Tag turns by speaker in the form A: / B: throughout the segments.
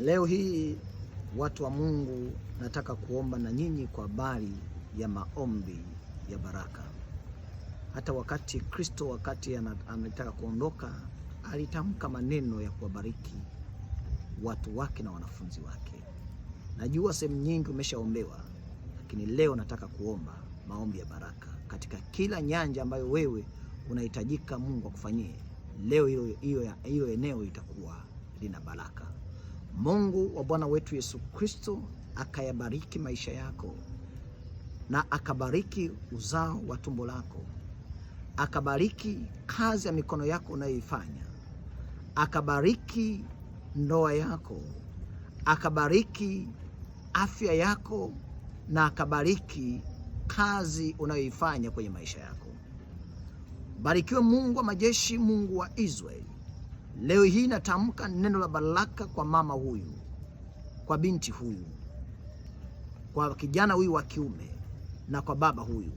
A: Leo hii watu wa Mungu, nataka kuomba na nyinyi kwa habari ya maombi ya baraka. Hata wakati Kristo, wakati anataka kuondoka, alitamka maneno ya kuwabariki watu wake na wanafunzi wake. Najua sehemu nyingi umeshaombewa, lakini leo nataka kuomba maombi ya baraka katika kila nyanja ambayo wewe unahitajika Mungu akufanyie. Leo hiyo hiyo eneo itakuwa lina baraka. Mungu wa Bwana wetu Yesu Kristo akayabariki maisha yako na akabariki uzao wa tumbo lako, akabariki kazi ya mikono yako unayoifanya, akabariki ndoa yako, akabariki afya yako na akabariki kazi unayoifanya kwenye maisha yako. Barikiwe Mungu wa majeshi, Mungu wa Israeli. Leo hii natamka neno la baraka kwa mama huyu, kwa binti huyu, kwa kijana huyu wa kiume na kwa baba huyu.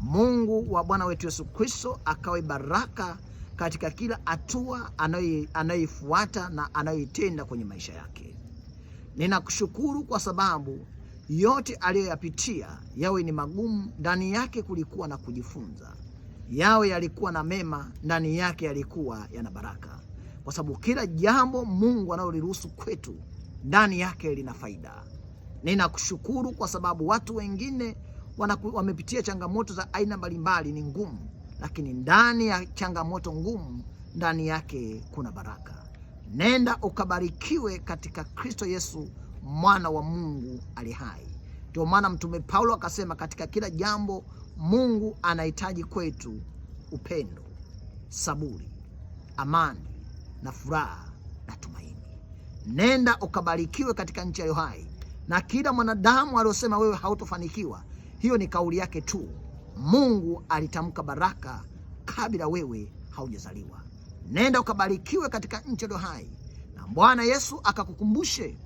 A: Mungu wa Bwana wetu Yesu Kristo akawe baraka katika kila hatua anayoifuata na anayoitenda kwenye maisha yake. Ninakushukuru kwa sababu yote aliyoyapitia, yawe ni magumu, ndani yake kulikuwa na kujifunza, yawe yalikuwa na mema, ndani yake yalikuwa yana baraka kwa sababu kila jambo Mungu analoliruhusu kwetu ndani yake lina faida. Ninakushukuru kwa sababu watu wengine wanaku, wamepitia changamoto za aina mbalimbali, ni ngumu, lakini ndani ya changamoto ngumu ndani yake kuna baraka. Nenda ukabarikiwe katika Kristo Yesu mwana wa Mungu ali hai. Ndio maana Mtume Paulo akasema katika kila jambo Mungu anahitaji kwetu upendo, saburi, amani na furaha na tumaini. Nenda ukabarikiwe katika nchi ya Yohai, na kila mwanadamu aliyosema wewe hautofanikiwa, hiyo ni kauli yake tu. Mungu alitamka baraka kabla wewe haujazaliwa. Nenda ukabarikiwe katika nchi ya Yohai, na Bwana Yesu akakukumbushe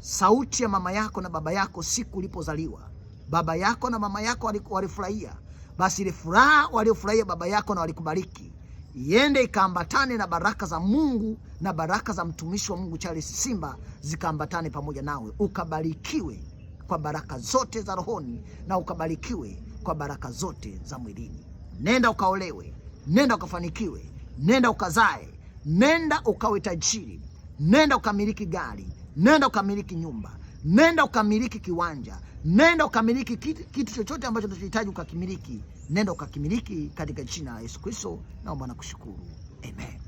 A: sauti ya mama yako na baba yako siku ulipozaliwa. Baba yako na mama yako walifurahia, basi ile furaha waliofurahia baba yako na walikubariki iende ikaambatane na baraka za Mungu na baraka za mtumishi wa Mungu Charles Simba zikaambatane pamoja nawe, ukabarikiwe kwa baraka zote za rohoni na ukabarikiwe kwa baraka zote za mwilini. Nenda ukaolewe, nenda ukafanikiwe, nenda ukazae, nenda ukawe tajiri, nenda ukamiliki gari, nenda ukamiliki nyumba Nenda ukamiliki kiwanja, nenda ukamiliki kitu, kitu chochote ambacho unachohitaji ukakimiliki, nenda ukakimiliki katika jina la Yesu Kristo. Naomba na kushukuru, amen.